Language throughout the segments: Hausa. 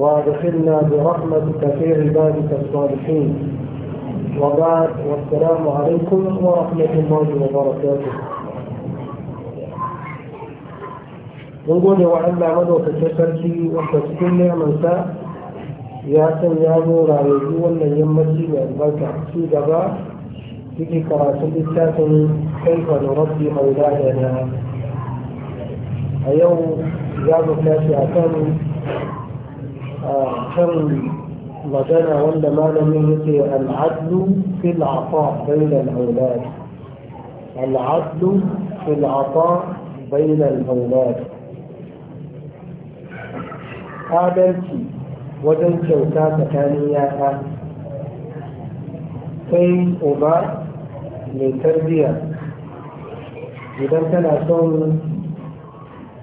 وادخلنا برحمتك في عبادك الصالحين وبعد والسلام عليكم ورحمة الله وبركاته mun gode wa Allah madaukakin sarki wanda cikin nemansa ya san ya zo rayuwa wannan yammaci mai albarka ci gaba ciki karatun littafin kaifa da rabbi mauladana a yau za mu tashi a kan kan magana wanda malamin yake al'adu fil afa bayna al-awlad fil afa bayna adalci wajen kyauta tsakanin yaka kai uba mai tarbiyya idan tana son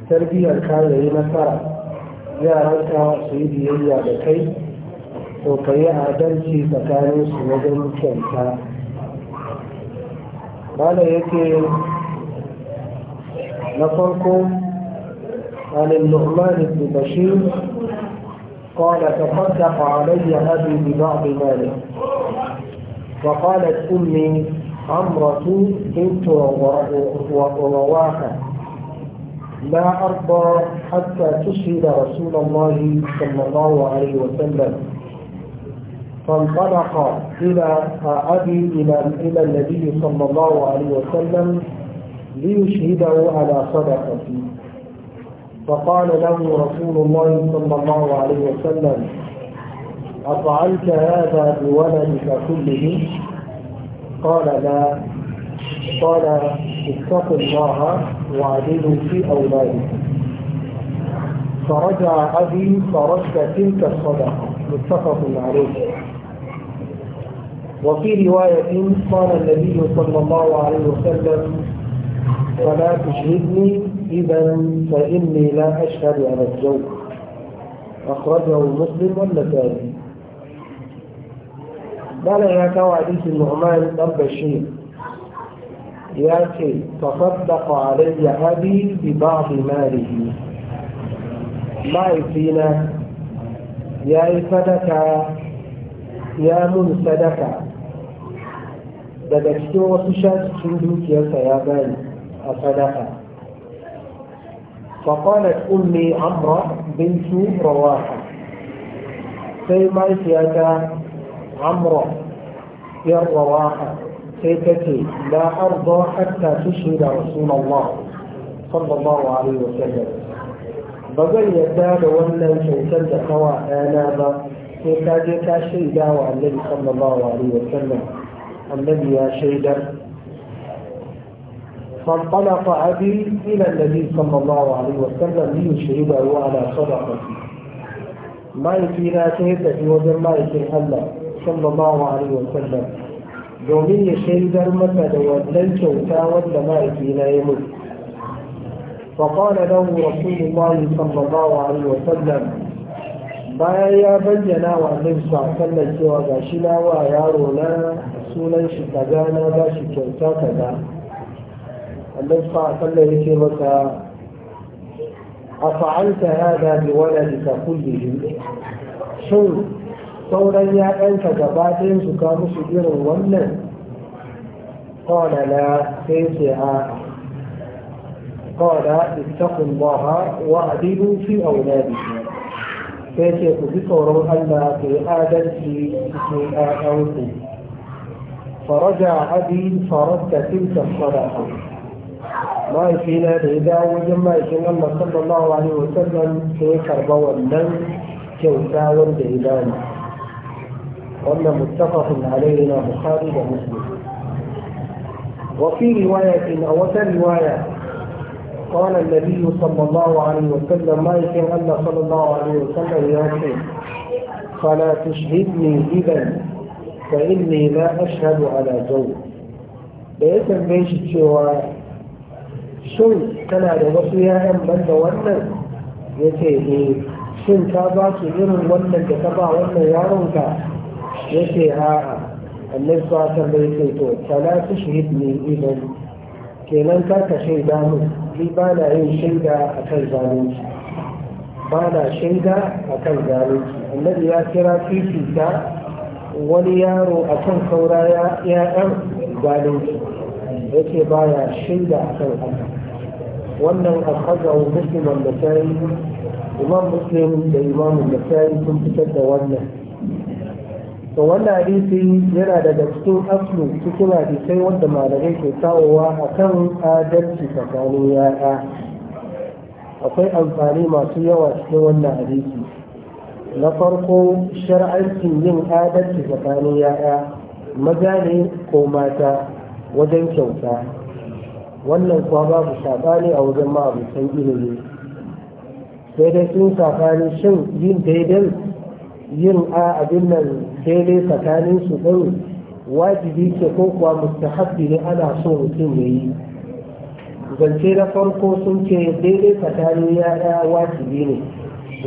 tarbiyyar ka nasara yaranka su yi biyayya da kai to ka yi adalci tsakanin su wajen kyauta mana yake na farko عن النعمان بن بشير قال تصدق علي أبي ببعض ماله وقالت أمي عمرة بنت رواحة لا أرضى حتى تشهد رسول الله صلى الله عليه وسلم فانطلق إلى أبي إلى إلى النبي صلى الله عليه وسلم ليشهده على صدقتي فقال له رسول الله صلى الله عليه وسلم أفعلت هذا بولدك كله؟ قال لا قال اتق الله وعدلوا في أولادهم فرجع أبي فرد تلك الصدقة متفق عليه وفي رواية قال النبي صلى الله عليه وسلم فلا تشهدني إذا فإني لا أشهد على الزوج أخرجه مسلم والنسائي قال يا كوى النعمان بن الشيخ يا شيء تصدق علي أبي ببعض ماله ما يفينا يا صدقة يا من صدقة daga cikin wasu cikin dukiyarsa ya bani a sadaka فقالت أمي عمرة بنت رواحة سيما سيادة عمرة يا رواحة سيدتي لا أرضى حتى تشهد رسول الله صلى الله عليه وسلم بغي يتاب ولا شيطان تخوى آنابا سيدتي جيتا شيدا والذي صلى الله عليه وسلم النبي يا شيدا فانطلق أبي إلى النبي صلى الله عليه وسلم ليشهده على صدقه ما يكفينا سيدتي وزن ما يكين الله صلى الله عليه وسلم domin ya shaidar mata da wannan kyauta wanda mahaifina ya mutu فقال له رسول الله صلى الله عليه وسلم bayan ya bayyana wa annabi sallallahu cewa ga shi na wa yaro na sunan shi kaza na ba shi kyauta kaza annabi sallallahu ya ce masa ya hada bi waladika kullihi shin sauran ‘ya'yanka gaba ɗayan su ka musu irin wannan ƙona na sai ce a ƙona istakun maha wa adilu fi aunadi sai ce ku bi tsoron Allah ku yi adalci cikin ‘ya'yanku faraja abi faranta tilka sadaqa mahaifina da ya dawo wajen mahaifin Allah sallallahu alaihi wasallam sai ya karba wannan kyauta wanda ya dani وأن متفق عليه بخاري ومسلم وفي رواية أو رواية قال النبي صلى الله عليه وسلم ما يكن أن صلى الله عليه وسلم يا يقول فلا تشهدني إذا فإني لا أشهد على زوج بيتم بيش سوى shin كان على وصية أم من دولنا يتيه ya كابا eh shin ka ba su Ya ce a'a annabi sa ta bai ce to fala tushhid ne, idan kenan ka ka shaida mun ni ba na yin shaida kan zalunci ba na shaida kan zalunci annabi ya kira Fifi ta wani yaro a kan saura ya ɗan zalunci ce ba ya shaida kan haka wannan akhadahu musliman da tayi imam muslim da imam da tayi sun fitar da wannan to wannan hadisi yana daga cikin aslu cikin hadisai wanda malamai ke kawowa a kan adalci tsakanin yaya akwai amfani masu yawa cikin wannan hadisi na farko shar'ancin yin adalci tsakanin yaya maza ne ko mata wajen kyauta wannan kuwa babu saɓani a wajen ma'abutan ilimi sai dai sun saɓani shin yin daidai yin a abin nan daidai tsakanin su ɗin wajibi ce ko kuwa mustahabbi ne ana so mutum ya yi zance na farko sun ce daidai tsakanin yaya wajibi ne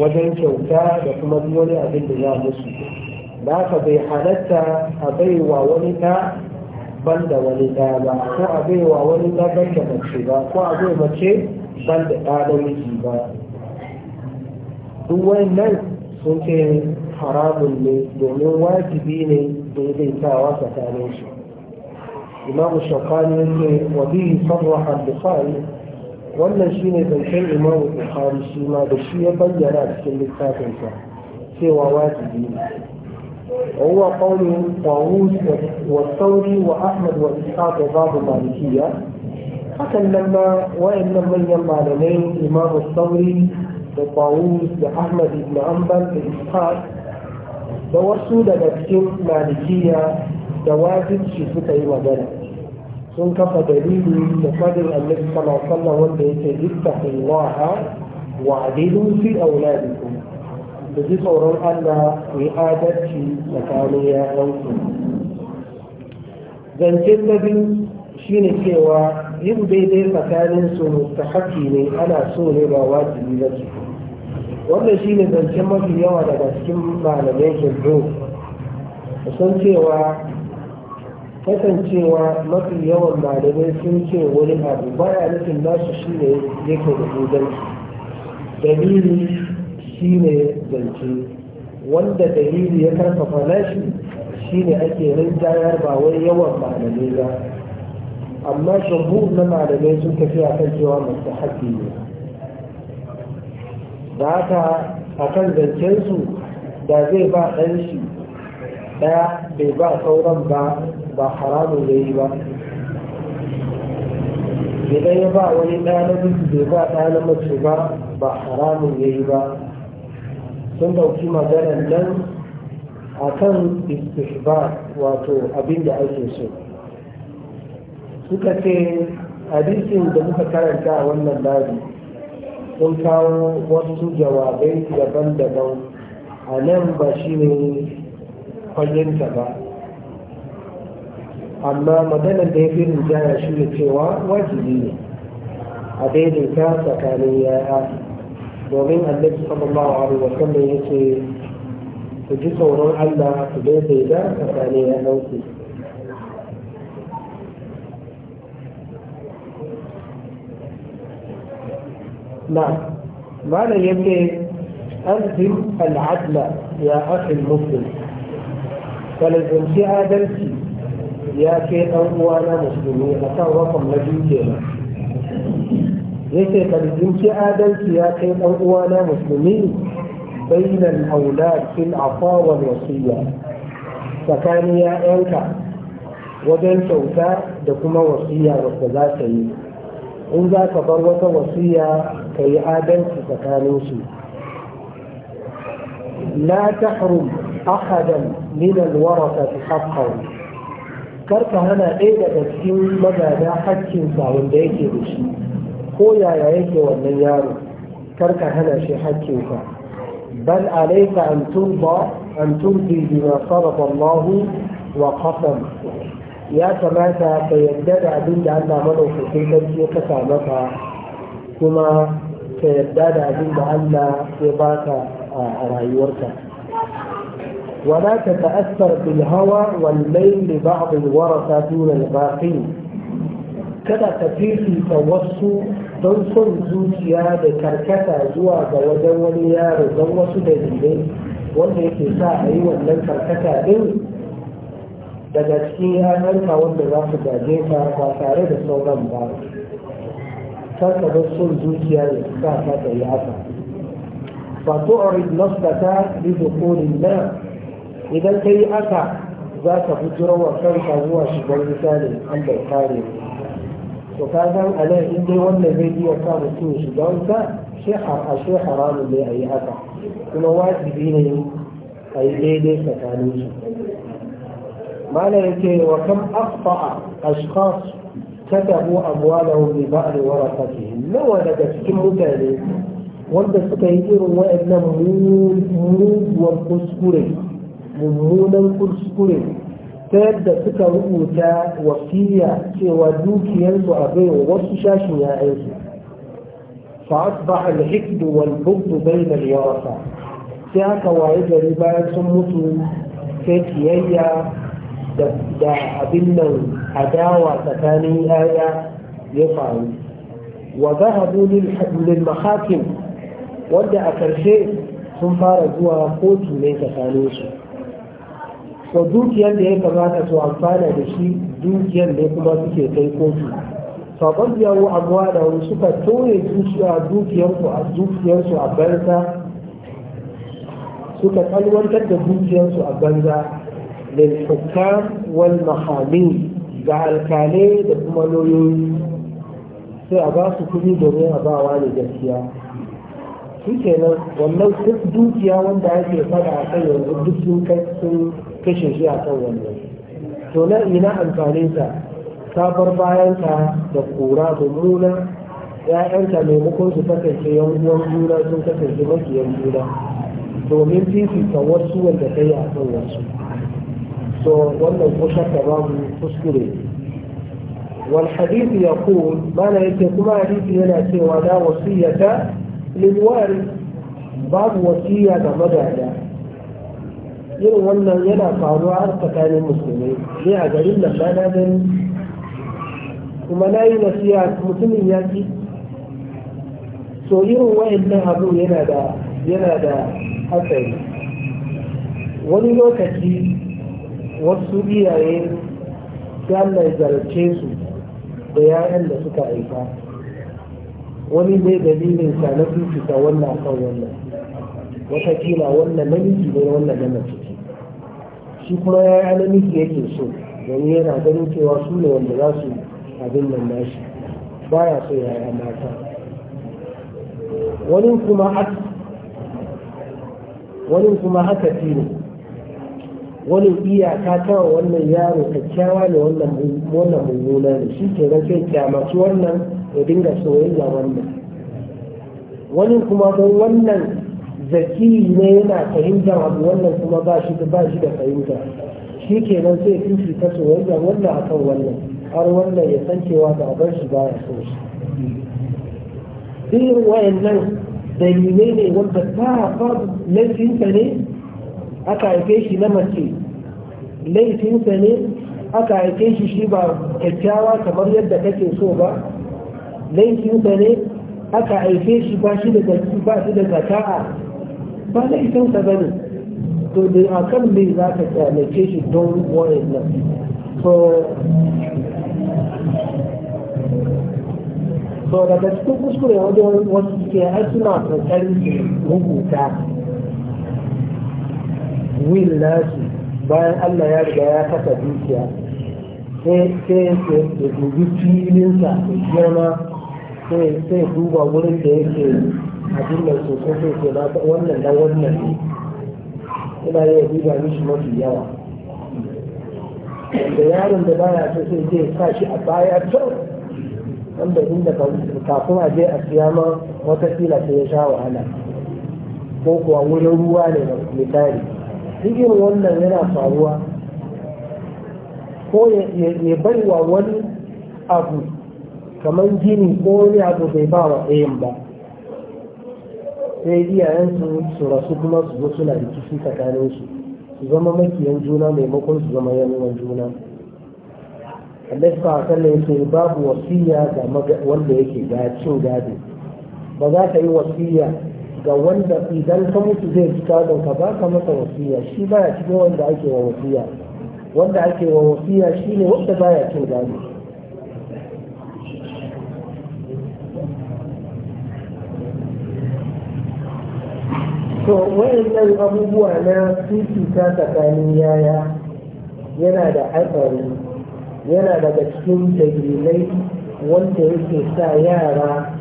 wajen kyauta da kuma wani abin da ya musu da haka bai halatta a bai wa wani ɗa ban da wani ɗa ba ko a bai wa wani ɗa ban da mace ba ko a bai mace ban da ɗa namiji ba duk nan sun ce حرام لي دون واجبين دون تاوات ثانيش إمام الشوقاني يقول وبيه صرح البخاري والنشين بن كل إمام البخاري شيما بشي بيّن أكسل للتاكن سوى واجبين هو قول طاووس والثوري وأحمد وإسحاق وبعض المالكية حتى لما وإن لم ينبع لنين إمام الثوري وطاووس لأحمد بن أنبل إسحاق da wasu daga cikin malikiya da wajibci suka yi magana sun kafa dalili da fadin annabi sallallahu wanda yake ittaqullaha wa adilu fi auladikum da ji tsoron Allah ku adalci tsakanin yaranku zancen na biyu shine cewa yin daidai tsakanin su mustahabi ne ana so ne ba wajibi ba ce wannan shi ne zancen mafi yawa daga cikin malamai hindu san cewa kasancewa mafi yawan malamai sun ce wani abu baya nufin nasu shi ne yake da dalili shi ne zance wanda dalili ya karfafa nashi shi ne ake rinjayar ba wai yawan malamai ba amma shabu na malamai sun tafi a kan cewa mustahabbi ne da aka a kan zancensu da zai ba ɗan shi ɗaya bai ba sauran ba ba haramun ya yi ba idan ya ba wani ɗaya na bai ba ɗaya na mace ba ba haramun ya yi ba sun ɗauki maganar nan a kan istihbar wato abin da ake so suka ce hadisin da muka karanta a wannan labi sun kawo wasu jawabai daban-daban a nan ba shi ne kwallinta ba amma maganar da ya fi rinjaya shi ne cewa wajibi ne a daidaita tsakanin yaya domin annabi sallallahu alaihi wa sallam yake ku ji tsoron Allah ku da tsakanin yayanku نعم معنى يمكن ألزم العدل يا أخي المسلم فلزم في عدلتي يا كي أوانا مسلمين أكان رقم نبي كينا يكي فلزم في عدلتي يا كي أوانا مسلمين بين الأولاد في العطاء والوصية فكان يا أنت wajen kyauta دكما وصية wasiya wadda in za ka bar wata wasiya ka yi adalci tsakaninsu la tahrum ahadan min alwarasa haqqan kar ka hana ɗaya daga cikin magada haƙƙinsa wanda yake da shi ko yaya yake wannan yaro kar ka hana shi haƙƙinsa bal alayka an turda an turdi bima sarafa Allah wa qasam ya kamata ka yarda da abin da Allah madaukakin sarki ya kasa maka kuma ka yarda da abin da Allah ya baka a rayuwarka ولا تتأثر بالهوى والميل لبعض الورثة دون الباقين kada ka fifita wasu don son zuciya da karkata zuwa ga wajen wani yaro don wasu dalilai wanda yake sa a yi wannan karkata din daga cikin ‘ya'yanka wanda za su gaje ka ba tare da sauran ba kar ka bar zuciya ya sa ya ta yi haka fa tu'rid nafsaka bi kodin nar idan yi haka za ka bujiro wa kanka zuwa shigar an bai kare to ka san anan in dai wannan zai iya sa mutum shiga a shi haramun ne a yi haka kuma wajibi ne a yi daidai tsakanin su ما لك وكم أخطأ أشخاص كتبوا أموالهم لبعض ورثتهم لو لك كم متالي wanda suka yi irin wa'annan muguwar kuskure mummunan kuskure ta yadda suka rubuta wasiya cewa dukiyarsu a bai wasu shashin ya'yansu فأصبح الحقد والبغض بين الورثة sai aka waye gari bayan sun mutu sai kiyayya da abin nan adawa tsakanin yaya ya faru wa a lil mahakim wanda a ƙarshe sun fara zuwa kotu ne tsakanin su dukiyar da ya kamata su amfana da shi dukiyar da kuma suke kai kotu faɓar wa abuwa da wani suka toye dukiyarsu a banza suka kalwantar da dukiyarsu a banza للحكام والمحامين ga alkalai da kuma lauyoyi sai a ba su kuɗi domin a ba wa ne gaskiya shi kenan wannan dukiya wanda ake fada a kan yanzu duk sun kashe shi a kan wannan to na ina amfanin sa sabar bayanka da kura mummuna ya'yanka maimakon su kasance yan uwan juna sun kasance makiyar juna domin fifita wasu wanda kai a kan so wannan ta ba babu kuskure wal hadith Bana mana yake kuma hadith yana cewa da wasiyata lil babu wasiya ga madada. irin wannan yana faruwa har tsakanin musulmai ne a garin nan na gani kuma na yi wasiya mutumin ya ci so irin wa'annan abu yana da yana da hatsari wani lokaci wasu iyaye sai ya su da yayan da suka aika wani ne dalilin sa na fifita wannan kan wannan watakila wannan namiji ne wannan na mace ce shi kuma ya yi namiji yake so domin yana ganin cewa su ne wanda za su abin nan nashi baya so yi mata wani kuma haka wani kuma haka ne wani iyaka ta wannan yaro kyakkyawa ne wannan mummuna ne shi ke sai kyamaci wannan ya dinga soyayya wannan wani kuma don wannan zaki ne yana fahimtar abu wannan kuma ba shi da ba shi da fahimta shi ke nan sai fifi ta soyayya wannan akan wannan har wannan ya san cewa ba abar shi ba ya so shi irin wayannan dalilai ne wanda ba ba laifinsa ne aka haife shi na mace laifinsa ne aka haife shi shi ba kyakkyawa kamar yadda kake so ba laifinsa ne aka haife shi ba shi da ba shi da zaka'a ba laifinsa ba ne to da a kan me za ka kyamace shi don wayan nan so so daga cikin kuskure wajen wasu ke ai suna kokarin rubuta will bayan Allah ya riga ya kasa dukiya sai ya dubi filinsa da girma sai duba wurin da yake abin da sosai sai ke na wannan da wannan ne ina yi duba mishi mafi yawa da yaron da baya so sai zai sa a baya can wanda inda kafin a je a siya ma wata fila sai ya sha wahala ko kuwa wurin ruwa ne da misali cikin wannan yana faruwa ko ya bai wa wani abu kamar gini ko wani abu bai ba wa ɗayan ba sai iyayensu su rasu kuma su zo suna rikici tsakanin su su zama makiyan juna maimakon su zama yanuwan juna a kan sallah yake babu wasiya ga wanda yake ga cin gado ba za ka yi wasiya ga wanda idan ka mutu zai ji gadon ka ba ka masa wasiya shi baya cikin wanda ake wa wasiya wanda ake wa wasiya ne wanda baya cin gado to wayannan abubuwa na fifita tsakanin yaya yana da hatsari yana daga cikin dalilai wanda yake sa yara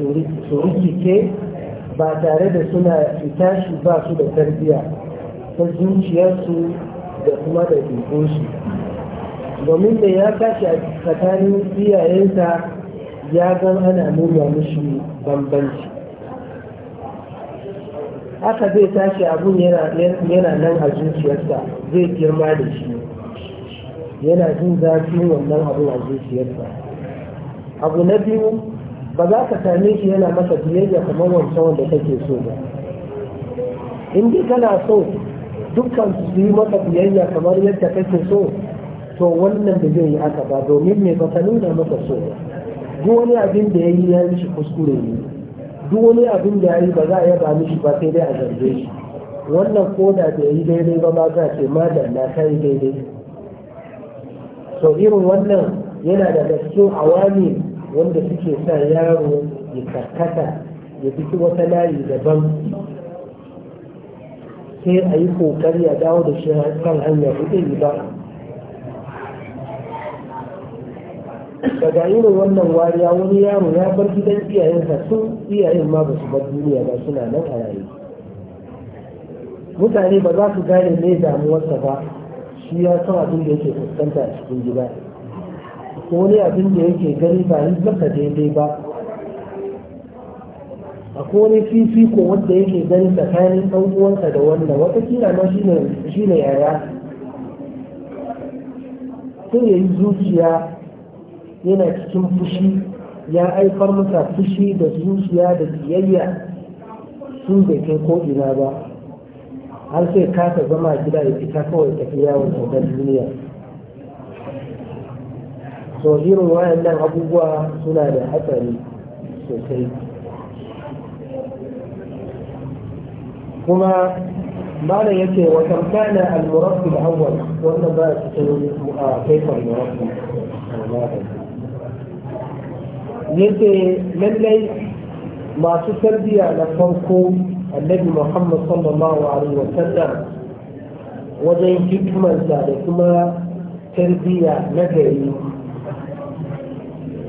su rikice ba tare da suna tashi ba su da tarbiyya ta zuciyarsu da kuma da ɗinkunsu domin da ya tashi a tsakanin iyayensa ya gan ana nuna mishi bambanci haka zai tashi abun yana nan a zuciyarsa zai girma da shi yana jin zafi wannan abun a zuciyarsa abu na biyu ba za ka same shi yana masa biyayya kamar wancan wanda kake so ba in dai kana so dukkan su yi masa biyayya kamar yadda kake so to wannan da zai yi haka ba domin me ba ka nuna masa so ba duk wani abin da ya yi ya yi shi kuskure ne duk wani abin da ya yi ba za a yaba mishi ba sai dai a zarge shi wannan koda da ya yi daidai ba ma za ce madan na ta yi daidai so irin wannan yana da cikin awami wanda suke sa yaro ya karkata ya fito wata layi daban sai a yi kokari a dawo da shi kan hanya kuɗi ba daga irin wannan wariya wani yaro ya bar gidan iyayensa sun iyayen ma ba su bar duniya ba suna nan a raye mutane ba za su gane ne damuwarsa ba shi ya san abin da yake fuskanta a cikin gida ko wani abin da yake gani ba yi masa daidai ba akwai wani fifiko wanda yake gani tsakanin ɗan uwansa da wanda watakila ma shi ne yaya sai ya yi zuciya yana cikin fushi ya aifar masa fushi da zuciya da biyayya sun bai kai ko ina ba har sai kasa zama gida ya fita kawai tafi yawon duniya Sojin irin wayannan abubuwa suna da hatsari sosai kuma mana yake wa tamkana al-murabbi al-awwal wannan ba cikin kaifar murabbi yake lallai masu tarbiyya na farko annabi muhammad sallallahu alaihi wa sallam wajen hikmarsa da kuma tarbiyya na gari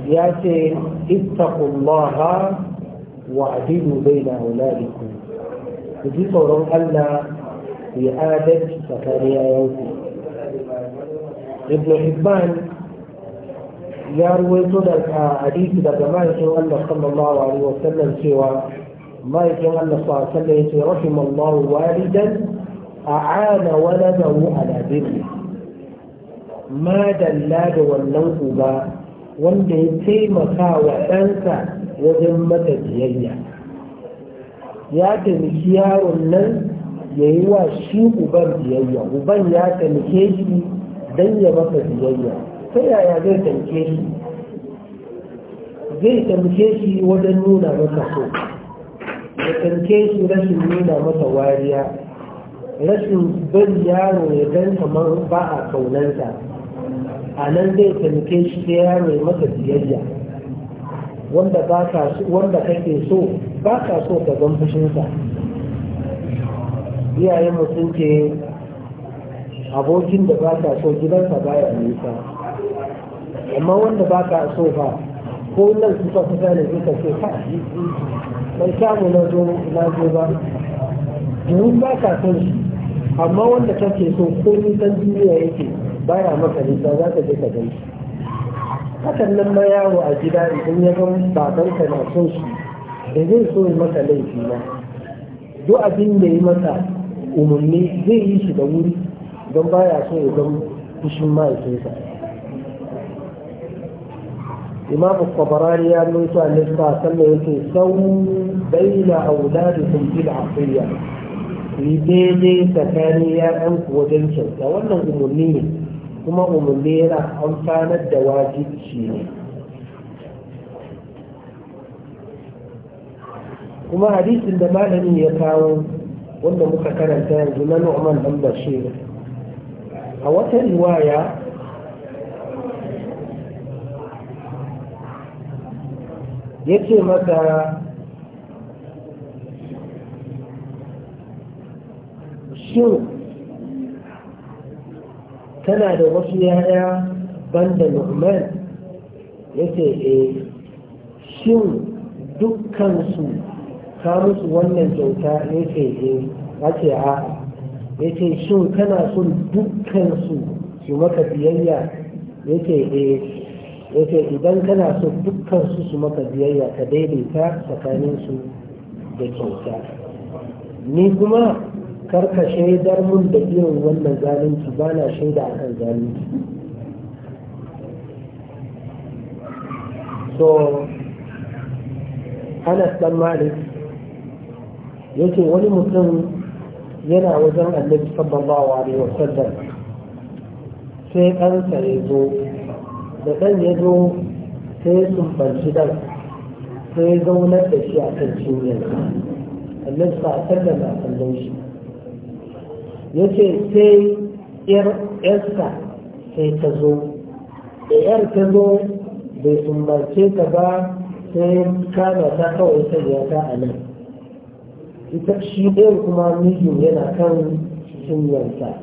ya ce ittaqullaha wa adilu baina auladikum ku ji tsoron Allah ku yi adalci tsakanin yayanku ibn Hibban ya ruwaito da hadisi daga mahaifin Allah sallallahu alaihi wa sallam cewa mahaifin Allah sallallahu alaihi wa sallam yace rahimallahu walidan a'ana waladahu ala birri ma dalla da wannan uba wanda ya taimaka wa ɗansa wajen mata biyayya ya taimaki yaron nan ya yi wa shi uban biyayya uban ya taimake shi don ya masa biyayya ta yaya zai taimake shi zai taimake shi wajen nuna masa so ya taimake shi rashin nuna masa wariya rashin bari yaro ya dan kamar ba a kaunansa a nan zai taimake shi sai yaro ya masa biyayya wanda ba ka wanda kake so ba ka so ka zan fushinsa iyayen mutum ke abokin da ba ka so gidansa baya nisa amma wanda ba ka so ba ko nan suka kusa da suka ce ka bai samu na zo na zo ba domin ba ka so shi amma wanda kake so ko nisan duniya yake baya maka nisa za ka je ka gani hakan nan ma yawo a gida idan ya gan babanka na son shi da zai so yi maka laifi na duk abin da yi maka umarni zai yi shi da wuri don baya so ya gan fushin mahaifinsa imamu kwabarani ya nuna a nisa sannan yake sau bayyana fi da afiya ni daidai tsakanin ya'yanku wajen kyauta wannan umarni ne kuma umarni yana amfanar da wajibci ne kuma hadisin da malamin ya kawo wanda muka karanta yanzu na nu'man dan bashir a wata riwaya ya ce mata shin tana da wasu yaya banda nu'man yace eh shin dukkansu ka musu wannan kyauta yace ce eh. yace a'a yace shin kana son dukkansu su maka biyayya yace eh yake idan kana son dukkansu su maka biyayya ka daidaita tsakaninsu da kyauta ni kuma karka shaidar mun da irin wannan zalunci ba na shaida a kan zalunci so anas dan malik ce wani mutum yana wajen annabi sallallahu alaihi wasallam sai ɗansa ya zo da ɗan ya zo sai sumbanci ɗan sai zaunar da shi a kan cinyarsa annabi sallallahu alaihi wasallam a kallon shi ya ce sai yarsa sai ta zo da yar ta zo bai sumbace ta ba sai kama ta kawai ta ya ta a nan ita shi ɗayan kuma mijin yana kan yarsa.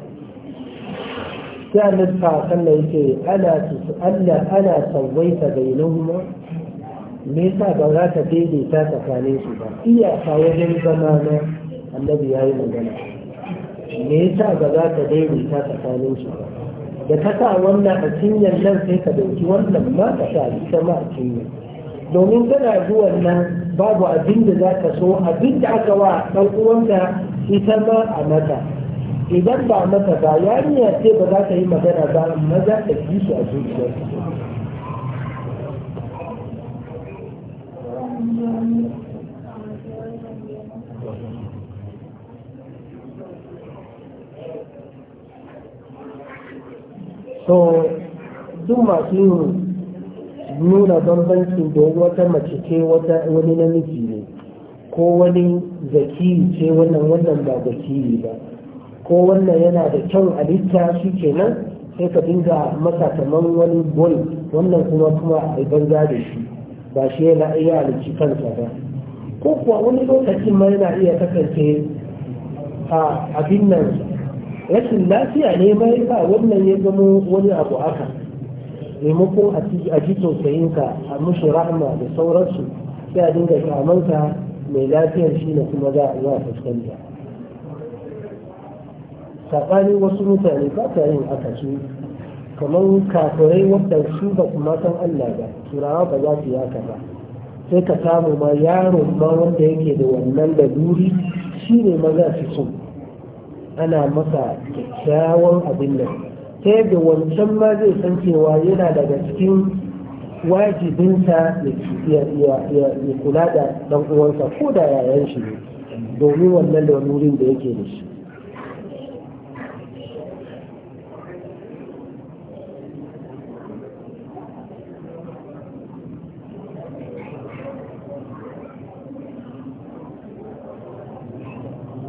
sai nufa, kalla ya ce, ana Allah ana sauwaita bainahuma me sa ba za ta daidaita tsakanin su ba iyaka wajen zama na annabi yayi magana me yasa ba za ka daidaita tsakanin su da ka sa wannan a cinyar nan sai ka dauki wannan ma ka sa ita ma a cinyar domin tana zuwan nan babu abin da za ka so abin da aka wa ɗan uwanka ita ma a mata idan ba mata ba yarinya ce ba za ta yi magana ba amma za ta ji su a zuciyarsa so duk masu yin nuna bambanci don wata mace ce wani namiji ne ko wani zaki ce wannan wannan ba zaki ba ko wannan yana da kyau a littafi kenan sai ka dinga masa kamar wani boy wannan kuma kuma a banza da shi ba shi yana iya alici kansa ba ko kuwa wani lokacin ma yana iya kasance a abin nan rashin lafiya ne bai ba wannan ya zama wani abu aka. maimakon a ji tausayinka a mushi rahama da sauransu sai a dinga kamanka mai lafiyar shi na kuma za a yi fuskanta tsakanin wasu mutane ba ta yin haka su kamar kafirai wadda su ba kuma san Allah ba turawa ba za su yi ba sai ka samu ma Yaro, ma wanda yake da wannan da duri shi ne maza su so ana masa kyakkyawan abin nan ta yadda wancan ma zai san cewa yana daga cikin wajibinsa ya kula da dan uwansa ko da yayan shi domin wannan lalurin da yake da shi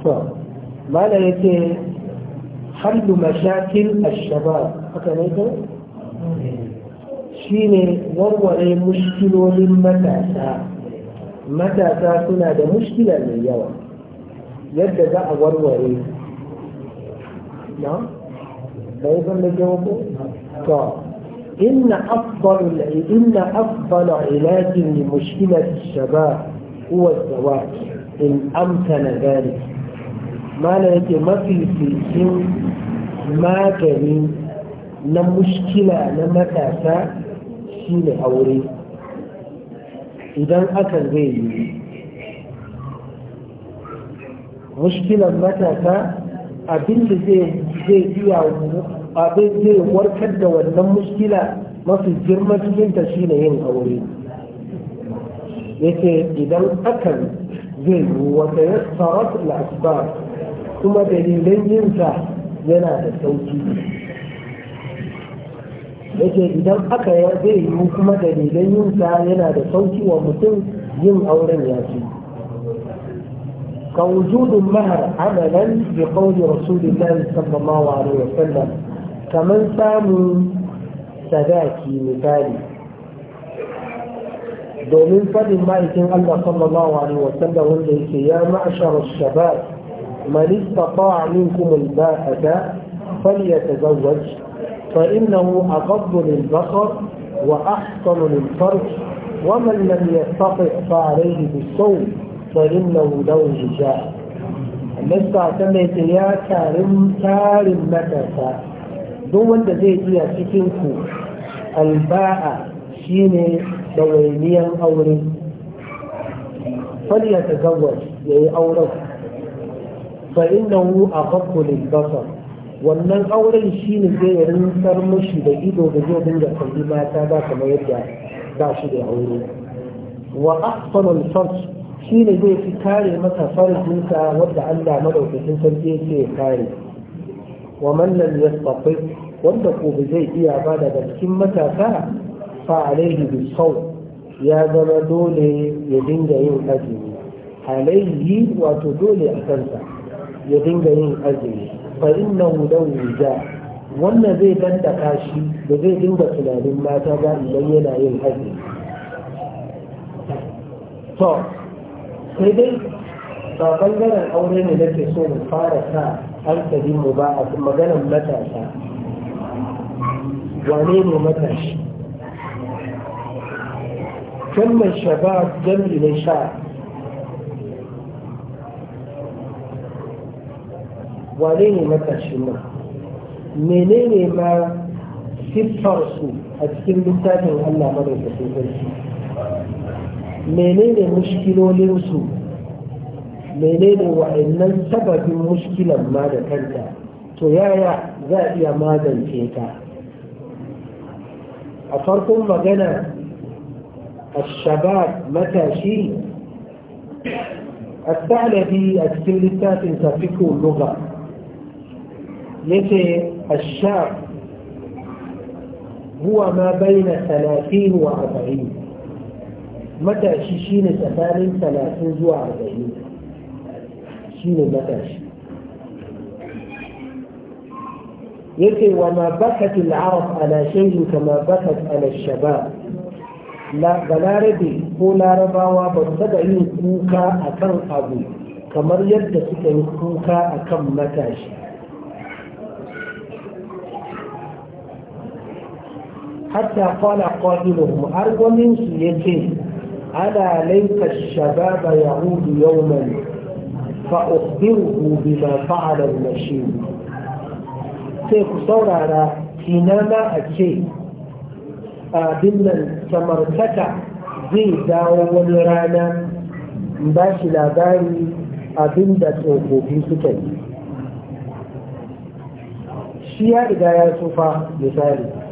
Well. مالا يتي حل مشاكل الشباب حتى نيتا شيني ورور اي مشكل من متى سا متى سا كنا دا مشكلة من يوا يدى دا ورور اي نعم ايضا نجاوبه طا إن أفضل إن أفضل علاج لمشكلة الشباب هو الزواج إن أمكن ذلك mana yake mafificin magani na mushkila na matasa shine aure idan akan zai yi mushkilan matasa abin da zai iya abin zai warkar da wannan mushkila mafi girma cikinta shine yin aure yake idan akan zai yi wata yassarar al'asbar kuma dalilan yinsa yana da sauki yake idan aka ya zai yi kuma dalilan yinsa yana da sauki wa mutum yin auren ya ce كوجود المهر عملا da رسول الله صلى الله عليه وسلم kamar samun sadaki misali domin fadin ma'aikin Allah sallallahu alaihi wasallam wanda yake ya ma'ashar shabab من استطاع منكم الباءة فليتزوج فإنه أغض للبصر وأحسن للفرج ومن لم يستطع فعليه بالصوم فإنه لو وجاء لست اعتمدت يا كارم كارم متى duk wanda يا iya الباء شيني دوينيا أوري فليتزوج aure يعني أورث fa innahu a lil basar wannan auren shine zai ya rinsar mushi da ido da zai dinga kalli mata ba kamar yadda ba shi da aure wa ahsanu al shi shine zai fi kare masa farjinsa wanda Allah madaukakin sarki yake kare wa man lam yastati wanda ko zai iya ba daga cikin matasa fa alaihi bisawm ya zama dole ya dinga yin azumi alaihi wato dole a kansa ya dinga yin azumi fa inna wujja wannan zai danta kashi. da zai dinga tunanin mata ba idan yana yin azumi to sai dai ba bangaren aure ne nake so mu fara sa hankalin mu ba a maganar matasa wane ne matashi kan mai shaba na sha wane ne matashin nan menene ma siffar su a cikin littafin Allah madaukakin sarki menene mushkilolinsu su menene wa'annan sababin mushkilan ma da kanta to yaya za a iya magance ta a farkon magana a matashi? الشباب a cikin littafin tafi ko اللغة yace ashab huwa ma bai na 30 wa 40 matashi shi ne tsakanin 30 zuwa shi ne matashi yace wa ma bakat al-arab ala shay'in kama bakat ala shabab la balarabe ko larabawa ba su taɓa yin kuka a kan abu kamar yadda suka yi kuka a kan matashi hatta qala qatiluhum har gwanin su yace ala laika shababa ya'udu yawman fa ukhbiruhu bima fa'ala al-mashir sai ku saurara kinana a ce abin nan samartaka zai dawo wani rana bashi shi labari abin da tsofaffi suka shi ya riga ya tsufa misali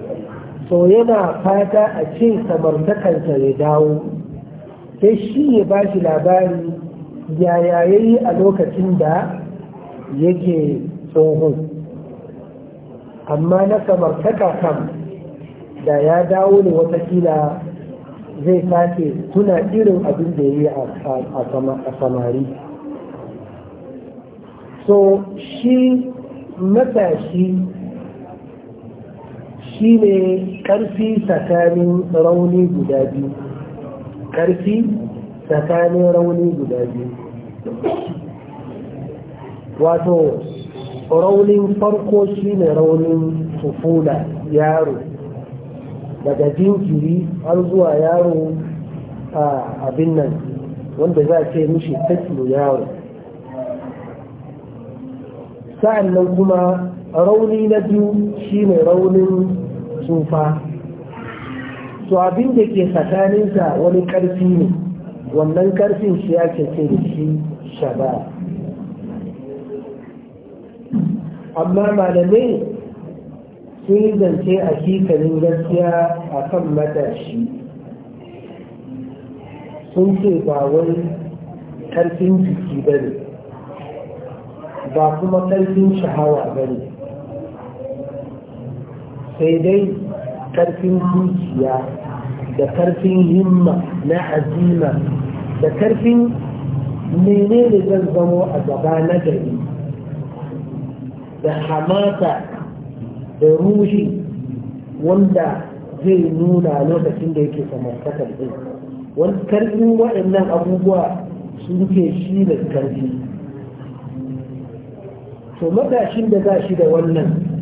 to yana fata a ce samartakansa ya dawo sai shi ya ba shi labari yaya ya yi a lokacin da yake tsohon amma na samartaka kam da ya dawo ne watakila zai sake tuna irin abin da ya yi a samari so shi matashi shine karfi tsakanin rauni guda biyu karfi tsakanin rauni guda biyu wato raunin farko shine raunin tufula yaro daga jinkiri har zuwa yaro a abin nan wanda za a ce mishi tattalo yaro sa'an nan kuma rauni na biyu shi shine raunin tsufa to abin da ke tsakaninsa wani ƙarfi ne wannan ƙarfin shi ya ce da shi shaba amma malamai sun yi zance a kikalin gaskiya a kan matashi sun ce ba wani ƙarfin jiki ba ne ba kuma ƙarfin shahawa ba ne sai dai karfin zuciya da karfin himma na azima da karfin menene zan zamo a gaba na gari da hamata da ruhi wanda zai nuna lokacin da yake samartakar din wani karfin waɗannan abubuwa sun ke shi da karfi to matashin da za shi da wannan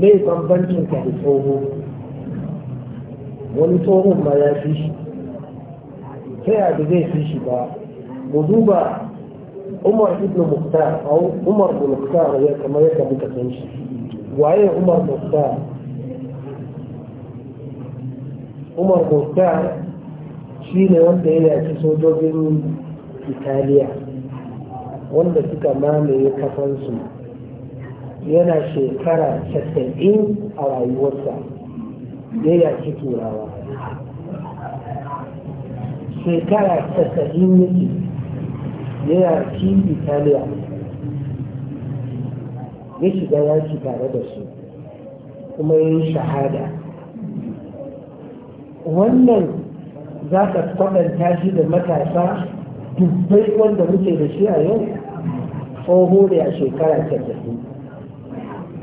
mai bambancin ka da tsoho wani tsohon ma ya fi shi ta yadda zai fi shi ba mu duba umar ibn mukhtar a umar mukhtar ya kama ya kama ka san shi waye umar mukhtar umar mukhtar shi ne wanda ya yaki sojojin italiya wanda suka mamaye kasansu yana shekara 90 a rayuwarsa ya ci turawa shekara 90 yake ya ci italiya ya shiga yaki tare da su kuma ya yi shahada wannan za ka kwadanta shi da matasa dubbai wanda muke da shi a yau tsoho ne a shekara 90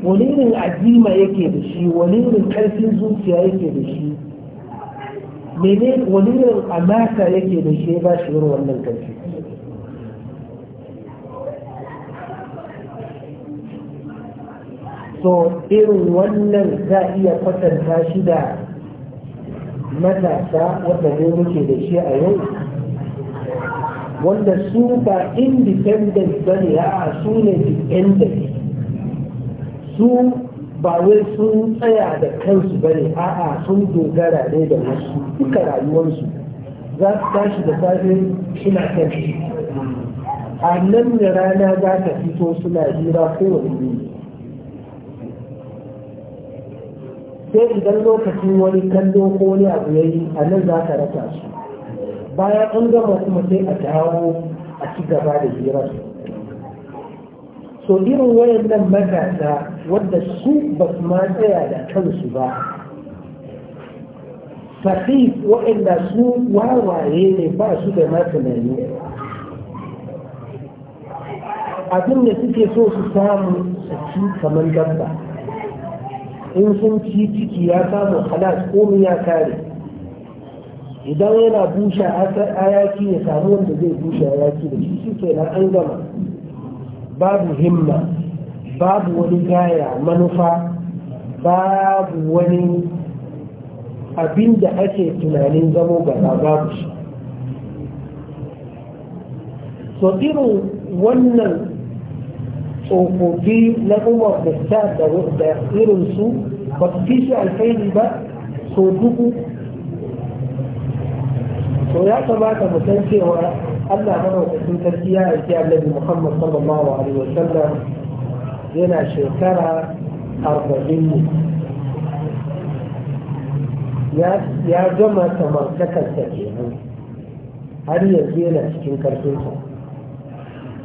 wani irin azima yake da shi wani irin ƙarfin zuciya yake da shi mene wani irin yake da shi ba shi irin wannan karfi so irin wannan za iya kwatanta shi da matasa wanda ne muke da shi a yau wanda su ba independent ba ne a su ne dependent su ba wai sun tsaya da kansu ba ne a'a sun dogara ne da wasu duka rayuwarsu za su tashi da safe suna kan a nan da rana za ta fito suna jira kowane ne sai idan lokacin wani kallo ko wani abu ya yi a nan za ka rasa su bayan an gama kuma sai a dawo a ci gaba da hirar to irin wayannan matasa wadda su ba su ma tsaya da kansu ba fafi waɗanda su wawaye ne ba su da matanani abin da suke so su samu su ci kamar dabba in sun ci ciki ya samu halas komi ya kare idan yana bushe ayaki ya samu wanda zai bushe ayaki da shi shi kenan an gama babu himma babu wani gaya manufa babu wani abin da ake tunanin zamo gaba babu shi so irin wannan tsofaffi na umar da da irin su ba su fi shi alfaili ba so dubu so ya kamata mu san cewa Allah madaukakin sarki ya aiki annabi Muhammad sallallahu alaihi wa sallam yana shekara arba'in ne ya gama samartakarsa kenan har yanzu yana cikin karfinsa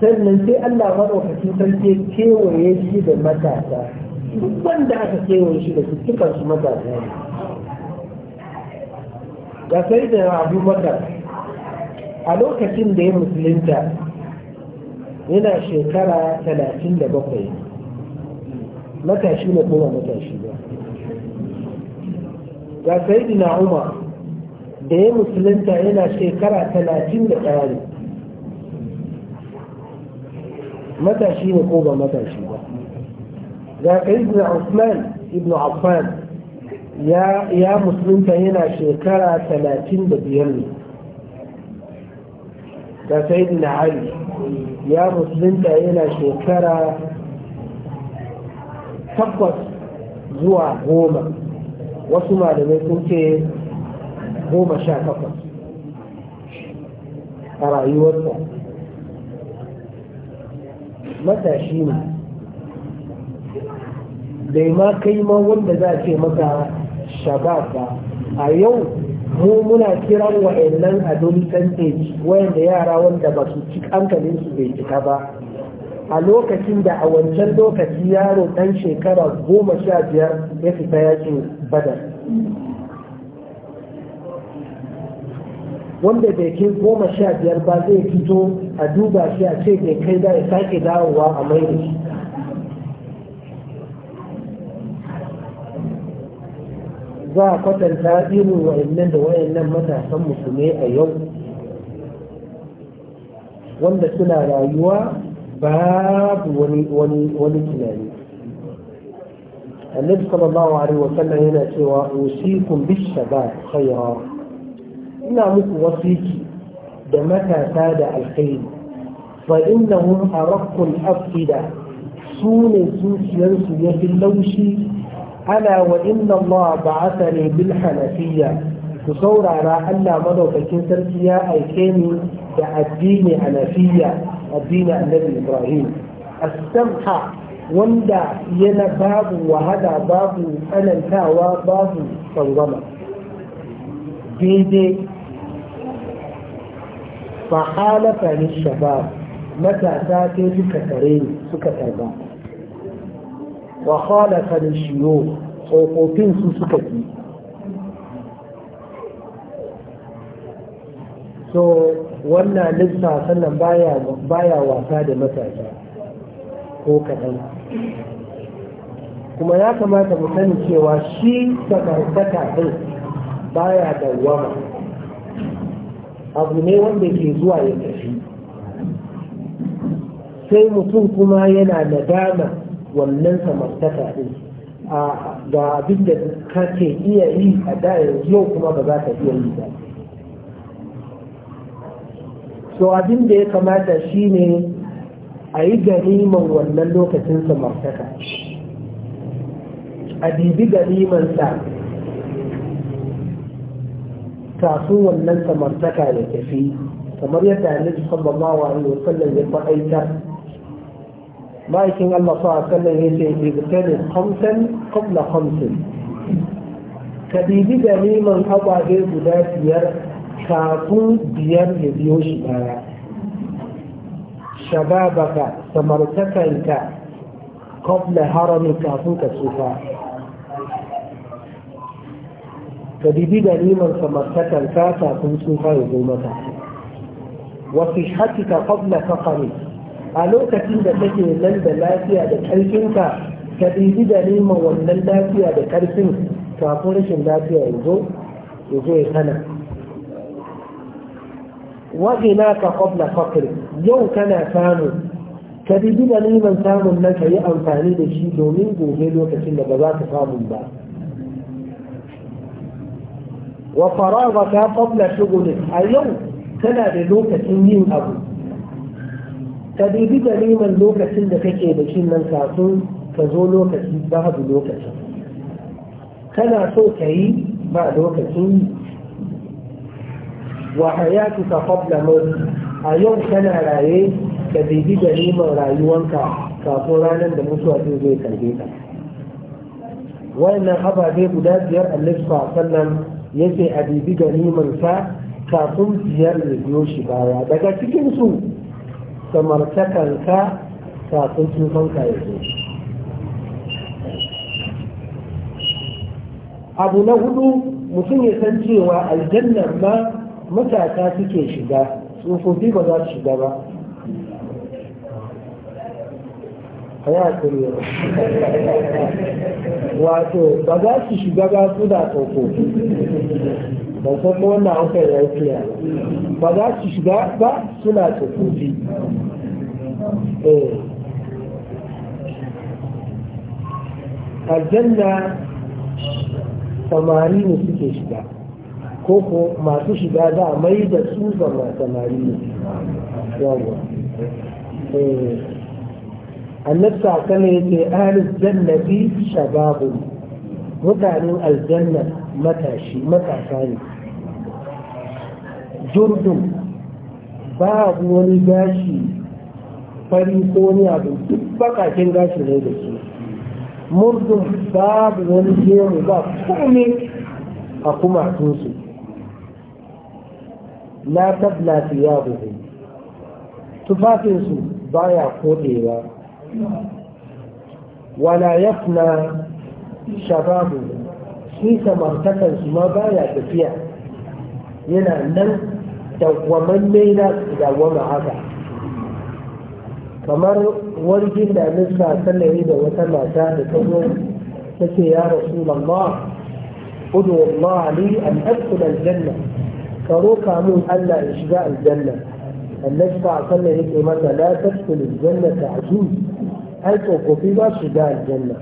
sannan sai Allah madaukakin sarki ya kewaye shi da matasa duk wanda aka kewaye shi da su dukansu matasa ne ga sai da abubakar a lokacin da ya musulunta yana shekara talatin da bakwai matashi ne kuma matashi ba ga sayidina umar da ya musulunta yana shekara talatin da tsari, matashi ne ko ba matashi ba ga sayidina usman ibn affan ya musulunta yana shekara talatin da biyar ne da sayyidina ali ya musulunta yana shekara takwas zuwa goma wasu malamai sun ce goma sha takwas a rayuwarsa matashi ne bai ma kai ma wanda za ce maka shabab ba a yau mu muna kiran wa'annan adolescent age wayanda yara wanda ba su ci kankanin su bai cika ba a lokacin da a wancan lokaci yaro dan shekara goma sha biyar ya fita yakin badar wanda bai kai goma sha biyar ba zai fito a duba shi a ce bai kai da ya sake dawowa a mai da shi za a kwatanta irin wa'annan da wa'annan matasan musulmai a yau wanda suna rayuwa babu wani tunani annabi sallallahu alaihi wa sallam yana cewa usikum bishaba khayra ina muku wasiki da matasa da alkhairi fa innahum araqqul afida su ne zuciyarsu ya fi laushi ألا وإن الله بعثني بالحنفية تصور على أن مدوك كنسرتيا أي كيني بأديني حنفية الدين النبي إبراهيم السمحة وندا ينا باب وهذا باب أنا الكاوى باب صنظمة بيدي فحالفني الشباب متى ساتي سكترين سكتر باب wa khalaqa da shiyo tsofaffin su suka fi. so wannan lissa sannan baya wasa da matasa ko kaɗan kuma ya kamata mu sani cewa shi sakarkata ɗin baya wama abu ne wanda ke zuwa ya sai mutum kuma yana nadama wannan samartaka din ga abin da kake iya yi a da yau kuma ba za ka iya yi ba so abin da ya kamata shine a yi ganiman wannan lokacin samartaka a dibi ganimansa kafin wannan samartaka ya tafi kamar yadda annabi sallallahu alaihi wasallam ya faɗaitar لكن الله صلى الله عليه وسلم يبتلي خمسا قبل خمسا كبيبي دليما أضع به بلا ديار كافو ديار يبيوش بارا شبابك سمرتك انت قبل هرم كافو كسوفا كبيبي دليما سمرتك انت كافو كسوفا يبومتك وصحتك قبل سفرك a lokacin da take nan da lafiya da ƙarfinka ka ɗibi da neman wannan lafiya da ƙarfin kafin rashin lafiya ya zo ya zo ya hana ka kwabla fakir yau kana samu ka bibi da neman samun nan ka yi amfani da shi domin gobe lokacin da ba za ka samu ba wa farawa ka kwabla shugulik a yau kana da lokacin yin abu ka dubi ganiman lokacin da kake da shi nan kafin ka zo lokaci babu lokaci kana so ka ba lokacin wa hayatu ka qabla mawt a yau kana raye ka dubi ganiman rayuwanka kafin ranar da mutuwa zai zai ka wannan ababe guda biyar annabi sallallahu ce a dubi ganimansa kafin biyar da biyo shi baya daga cikin ta samartakanka kafin tufanka ya zo abu na hudu mutum ya san cewa aljannar ma matasa suke shiga tsofaffi ba za su shiga ba wato ba za su shiga ba su da tsofaffi ban san ko wannan an kai lafiya ba za su shiga ba suna tsofaffi eh. aljanna samari ne suke shiga ko ko masu shiga za a mai da su zama samari ne yawon eh. annabta kana yake ahalin jannabi shababu mutanen aljanna matashi matasa ne jordan ba wani gashi fari ko wani abu duk bakakin gashi ne da shi murdun babu wani gero ba kome a kumatunsu na tabla ya buhu tufafinsu ba baya kodewa wala na shababu shi samartakansu ma ya tafiya yana nan dawwamamme na su dawwama haka kamar wargin da nisa sallari da wata mata da ta zo ta ce ya rasu lamma udu Allah li an adkhul aljanna ka roka mun Allah in shiga aljanna annabi sa sallari yake mata la tadkhul aljanna azuz ai tsofaffi ba shiga aljanna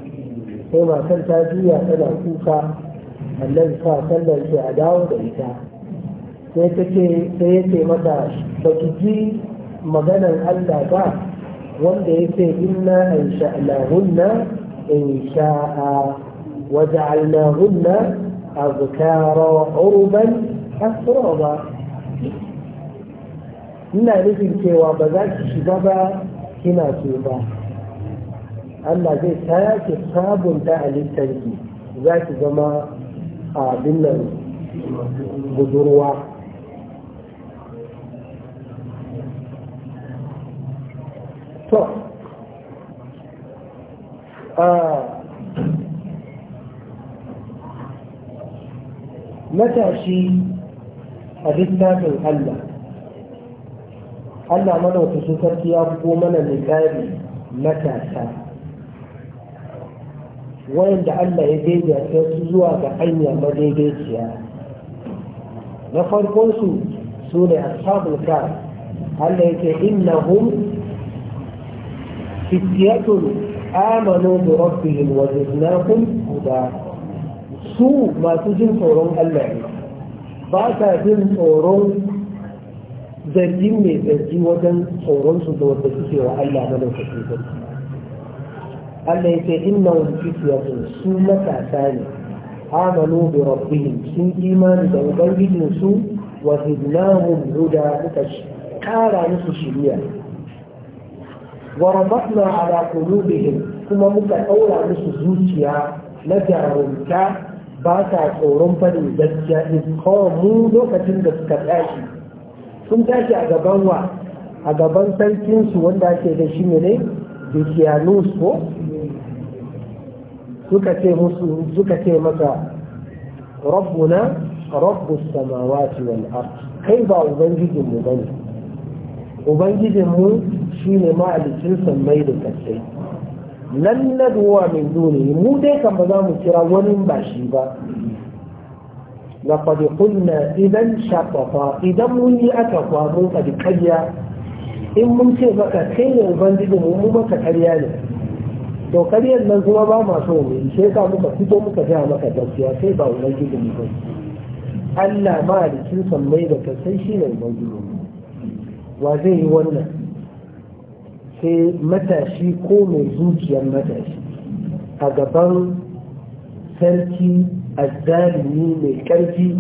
sai matar ta juya tana kuka annabi sa sallar sai a dawo da ita sai ta sai ya mata ba ki ji maganar Allah ba wanda ya inna an sha'alahunna in sha'a wa ja'alnahunna azkara urban asraba ina nufin cewa ba za ki shiga ba kina ce ba Allah zai sake sabunta halittarki za ki zama abin nan budurwa to matashi a littafin Allah Allah madauki su sarki ya bugo mana misali matasa wayanda Allah ya daidaita su zuwa ga hanya madaidaiciya na farkon su su ne a kar Allah yake innahum فتية آمنوا بربهم وزدناهم هدى su masu jin tsoron Allah ne ba sa jin tsoron zargi mai zargi wajen tsoron su da wanda suke wa Allah na lokaci ba Allah yake inna wani fitiyatun su matasa ne amanu bi rabbihim sun imani da ubangijin su wa hidnahum huda muka kara musu shiriya وربطنا على قلوبهم كما متأولى نسو زوجيا نجارونتا باتا تورون فدي زجا إذ قاموا لوكتين دسكتاشي sun tashi a gaban wa a gaban sarkinsu wanda ake da shi ne Dikiyanus ko suka ce musu suka ce masa rabbuna rabbus samawati wal ard kai ba ubangijin mu bane ubangijin mu shine ma'alicin sammai da kasai na naduwa min duni mu dai kan ba za mu kira wani ba shi ba da qulna idan shaqafa idan mun yi aka kwamun da karya, in mun ce baka kai ne ubangiji mu mu maka karya ne to karyar nan kuma ba masu wani mu sai ka muka fito muka ga maka gaskiya sai ba ubangiji mu ba Allah ma da kin san da kasai sai shi ne ubangiji wa zai yi wannan sai matashi ko mai zuciyar matashi a gaban sarki a azzalimi mai ƙarfi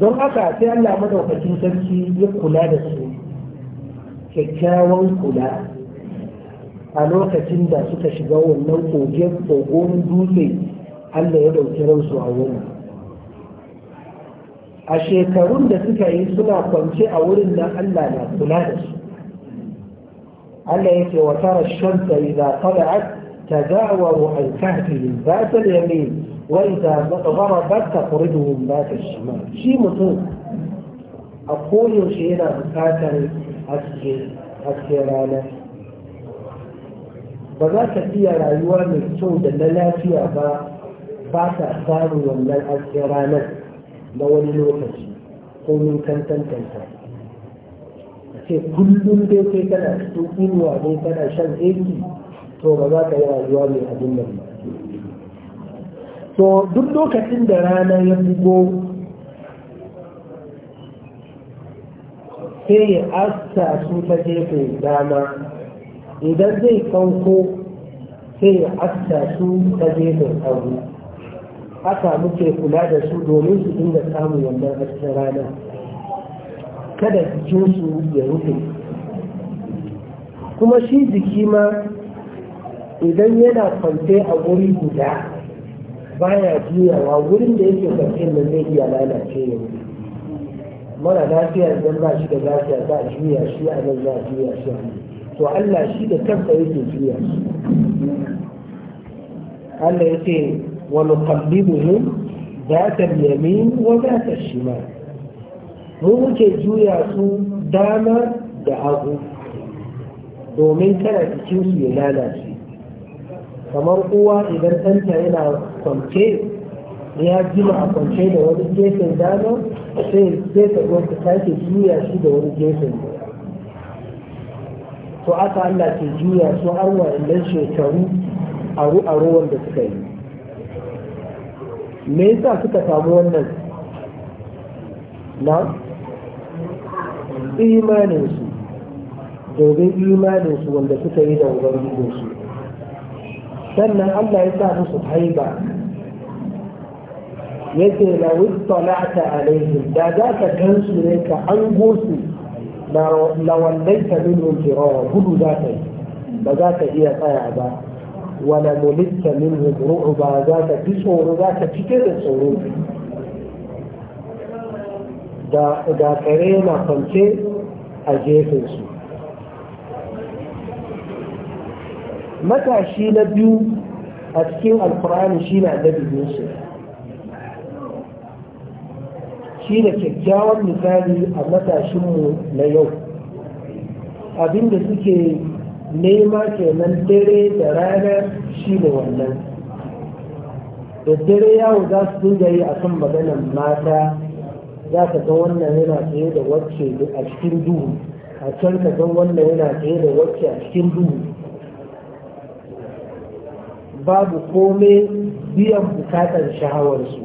don haka sai Allah madaukakin sarki ya kula da su kyakkyawan kula a lokacin da suka shiga wannan kogon dutse Allah ya ɗauki ransu a wurin a shekarun da suka yi suna kwance a wurin nan Allah na kula da su Allah ya ce wa tara shanta idza tala'at tazawaru an kahfihim ba'da yamin wa idza ghorabat taqriduhum ba'da shimal shi mutum a koyaushe yana bukatar haske haske rana ba za ka iya rayuwa mai kyau da na lafiya ba ba ka wannan haske ranar na wani lokaci ko min kantantanta a ce kullum dai kai kana cikin inuwa dai kana shan aiki to ba za ka yi rayuwa mai abin nan ba to duk lokacin da rana ya bugo sai ya asta su ta gefe dama idan zai sauko, sai ya asta su ta gefe hagu haka muke kula da su domin su inda samun wannan hasken rana kada jikinsu ya rufe kuma shi jiki ma idan yana kwance a wuri guda baya juyawa wurin da yake kwance nan zai iya lalace yau, mara lafiya idan ba shi da lafiya za a juya shi a nan za a juya shi to Allah shi da kansa yake juya shi Allah yake ونقلبهم ذات اليمين وذات الشمال mu muke juya su dama da hagu domin kada jikinsu ya lalace kamar uwa idan ɗanta yana ya jima a kwance da wani gefen dama sai sai ka zo ka juya shi da wani gefen to aka Allah juya su har wa'annan shekaru aru aru wanda suka yi me yasa suka samu wannan na imaninsu domin imaninsu wanda suka yi da ubangijinsu sannan allah ya sa musu haiba yake na a alaihim da za ka gansu ne ka an gosu na wallaita minhum firawa gudu za ka yi ba za ka iya tsaya ba wala mulitta minhu ba za ta fi tsoro za ka fike da tsoro da kare na kwance a gefen su matashi na biyu a cikin alkur'ani shi na da yusuf shi da kyakkyawan misali a matashinmu na yau abinda suke nema kenan dare da rana shi ne wannan da dare yawo za su dinga yi a kan maganan mata za ka ga wannan yana tsaye da wacce a cikin duhu a can ka ga wannan yana tsaye da wacce a cikin duhu babu komai biyan bukatar shahawarsu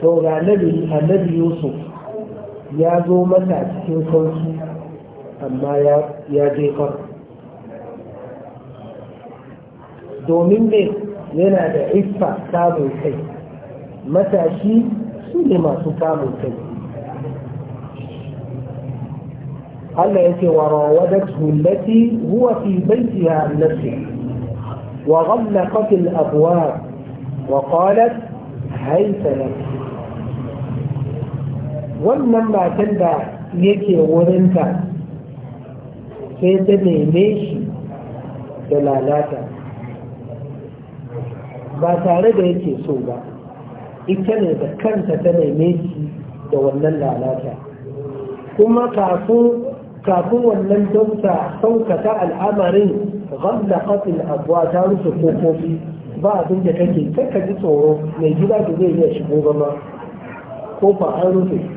to ga annabi yusuf ya zo mata cikin sauki اما يا یا دې کړ دومین دې ینا د عفا تابو کوي متا شي شو دې ما څه تابو وراودته التي هو في بيتها نفسه وغلقت الابواب وقالت هيت لك wannan matan da yake wurinta sai ta neme shi da lalata ba tare da yake so ba ita ne da kanta ta neme shi da wannan lalata kuma kafin wannan dauta saukata al'amarin gamla kafin abuwa ta rufe kofofi ba abin da take kakka ji tsoro mai gida da zai iya shigo gama ko fa an rufe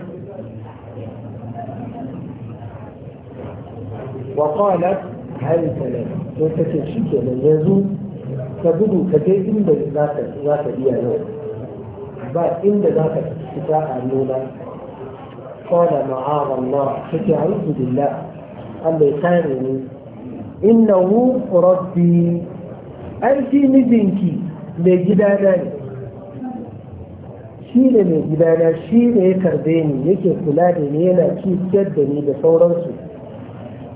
وقالت هل سلام وتتشكى من يزو تبدو كتابين بذاك ذاك ديالو بعد إن ذاك استطاع أنولا قال معاذ الله فتعوذ بالله الذي يقارني إنه ربي أنت مدينك لجبالي شيل من جبالي شيل إيكر ديني يكي كلاني ميلا كي تجدني بصورة سوء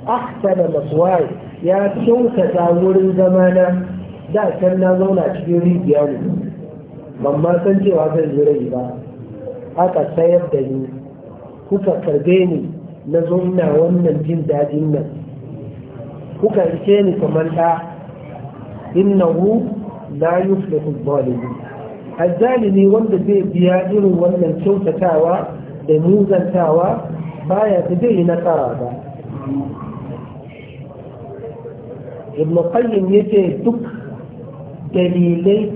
ahsana maswaya ya kyautata wurin zamana da can na zauna cikin rijiya ne ban ma san cewa zan yi rai ba aka sayar da ni kuka karbe ni na zauna wannan jin dadin nan kuka ishe ni kamar da innahu la yuflihu zalimin azzalimi wanda zai biya irin wannan kyautatawa da muzantawa baya da zai yi nasara ba ibn qayyim yake duk dalilai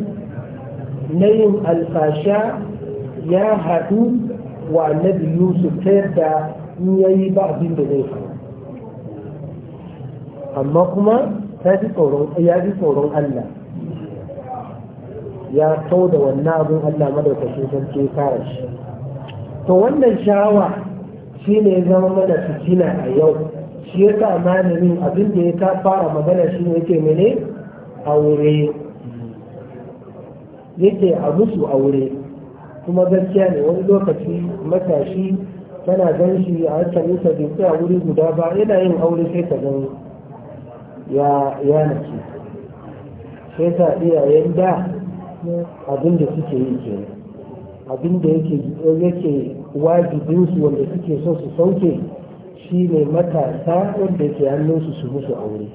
na yin alfasha ya haɗu wa annabi yusuf ta yadda in yayi ba abin da zai faru amma kuma ta ji tsoron ya tsoron Allah ya kau da wannan abin Allah madaukakin sarki kare shi to wannan shawa shine ya zama mana fitina a yau shi ya sa malamin abin da ya ta fara magana shi ne yake mene aure yake a musu aure kuma gaskiya ne wani lokaci matashi tana gan shi a hankalin nisa bai tsaya wuri guda ba yana yin aure sai ka gan ya ya nace sai ta iyayen da abin da suke yi ke abin da yake yake wajibinsu wanda suke so su sauke shi ne matasa wanda ke hannunsu su musu aure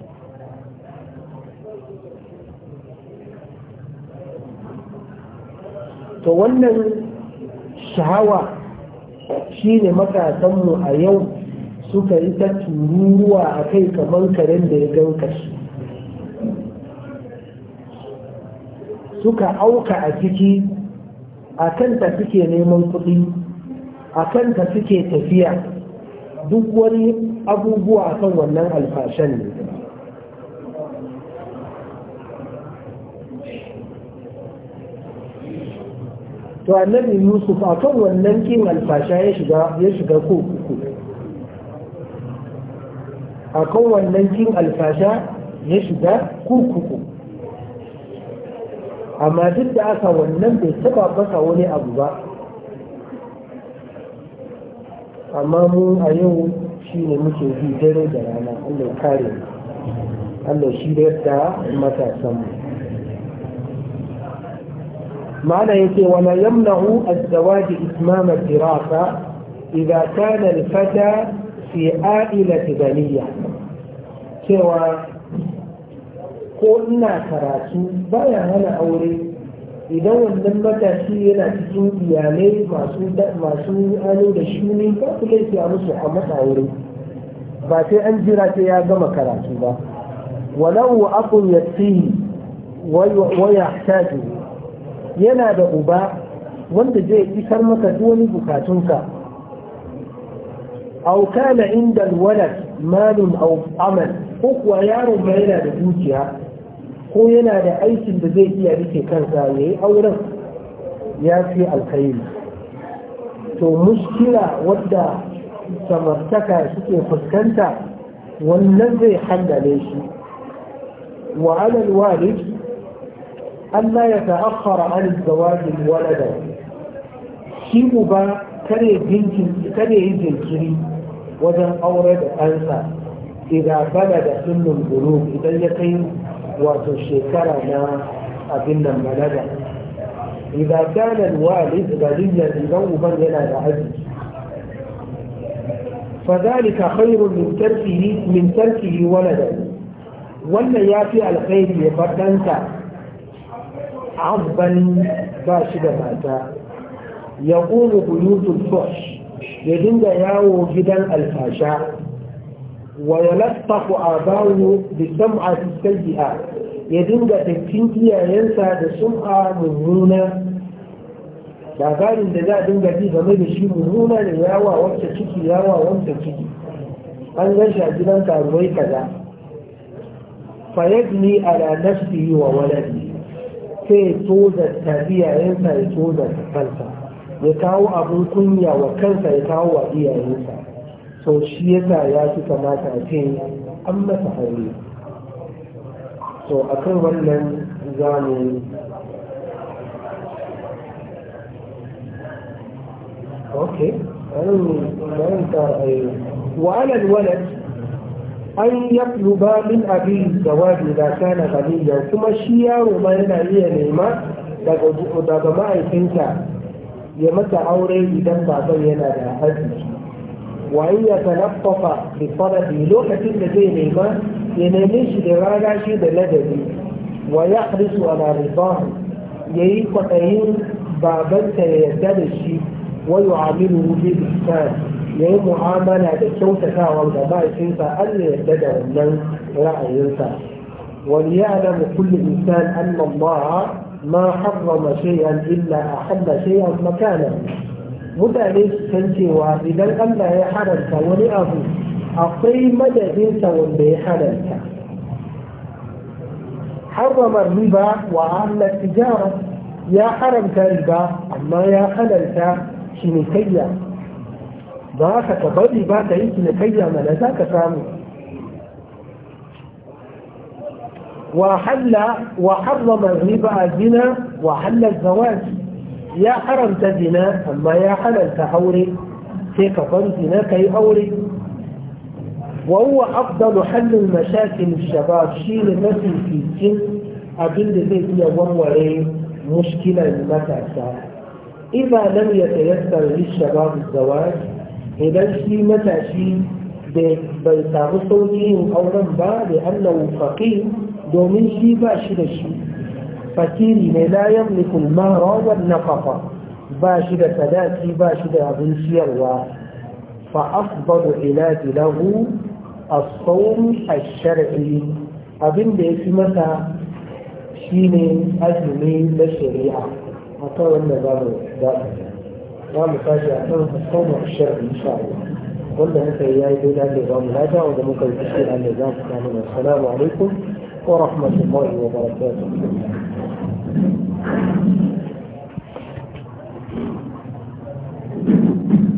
to wannan sha'awa shi ne matasanmu a yau suka yi ta tururuwa a kai kamar karen da ya ganka shi suka auka a ciki a kanta suke neman kuɗi a kanta suke tafiya duk wani abubuwa kan wannan alfashan ne to annabi yusuf a kan wannan kin alfasha ya shiga ya shiga kurkuku a kan wannan kin alfasha ya shiga kurkuku amma duk da aka wannan bai taba masa wani abu ba amma mu a yau shi ne muke bi dare da rana allah ya kare mu allah shi da yadda matasan mu ma'ana ya ce wani yamnahu azzawa da ismama firasa idan kana alfata fi a'ila tibaniya cewa ko ina karatu baya hana aure idan wannan matashi yana cikin iyalai masu masu da shi ne ba su laifi a musu a matsa ba sai an jira sai ya gama karatu ba walau akun yatihi wa yahtaju yana da uba wanda zai isar maka wani bukatunka aw kana inda alwalad malun amal ko kuwa yaron ma yana da dukiya ko yana da aikin da zai iya rike kansa ya yi auren ya fi alkhairi to muskila wadda samartaka suke fuskanta wannan zai handale shi wa alal walid Allah ya ta'akhkhara an zawajin walada shi uba kare jinkin kare yin jinkiri wajen aure da kansa, idan bala da sunnul bulug idan ya kai وتشكر ما الملدى إذا كان الوالد بليا نوبا لنا العز فذلك خير من تركه من تركه ولدا ولا يافي الخير يبدنك عظبا باشد ماتا يقول بيوت الفحش يجند ياو جدا الفاشا ويلطف آباؤه بسمعة السيئة يدنك تكتنكي ينسى بسمعة مهونة labarin da za a dinga ji game da shi mummuna ne yawa wacce ciki yawa wacce ciki an gan a gidan karuwai kaza fayadni ala nafsihi wa waladi sai toza tabiyayensa ya toza kansa ya kawo abin kunya wa kansa ya kawo wa iyayensa sau shi yasa ya fi kamata a ce an masa aure so a kan wannan za mu ok bari ta wa alal walad an yakluba min abi jawabi da kana ganiya kuma shi yaro ma yana iya nema daga ma'aikinta ya mata aure idan baban yana da arziki وأن يتلطف بطلبه لوحة الذي نيما ينامش دراجة شيء بلدبي ويحرص على رضاه يهي قطعين بابنك يتدشي ويعامله بالإحسان يريد معاملة بشوتك والدماء فيها أن يتدى من رأيك وليعلم كل إنسان أن الله ما حرم شيئا إلا أحب شيئا مكانه mutane su san cewa idan Allah ya haramta wani abu akwai madadinsa wanda ya haramta harama riba wa Allah tijara ya haramta riba amma ya halarta cinikayya ba ka bari ba ka yi cinikayya mana za ka samu وحل وحرم الربا الزنا وحل الزواج يا حرم تزنا أما يا halalta تحوري sai ka kwan zina ka وهو أفضل حل المشاكل الشباب شيء نفسي في السن أبن زي يا وموري مشكلة تعتاد إذا لم يتيسر للشباب الزواج إذا شيء متى شيء بيتاغسوني أو رمبا لأنه فقير دومين شيء باشر شيء فكيرين لا يملك المهراج النقفة باشدة ذاتي باشدة أبنسي الله فأفضل علاج له الصوم الشرعي أبن ديسي متى شيني أجمي للشريعة أطول أن بابه داخل قال فاشي أطول الصوم الشرعي إن شاء الله قلنا أنت إياه دولة النظام هذا وده ممكن تشكيل النظام السلام عليكم ورحمة الله وبركاته Thank you.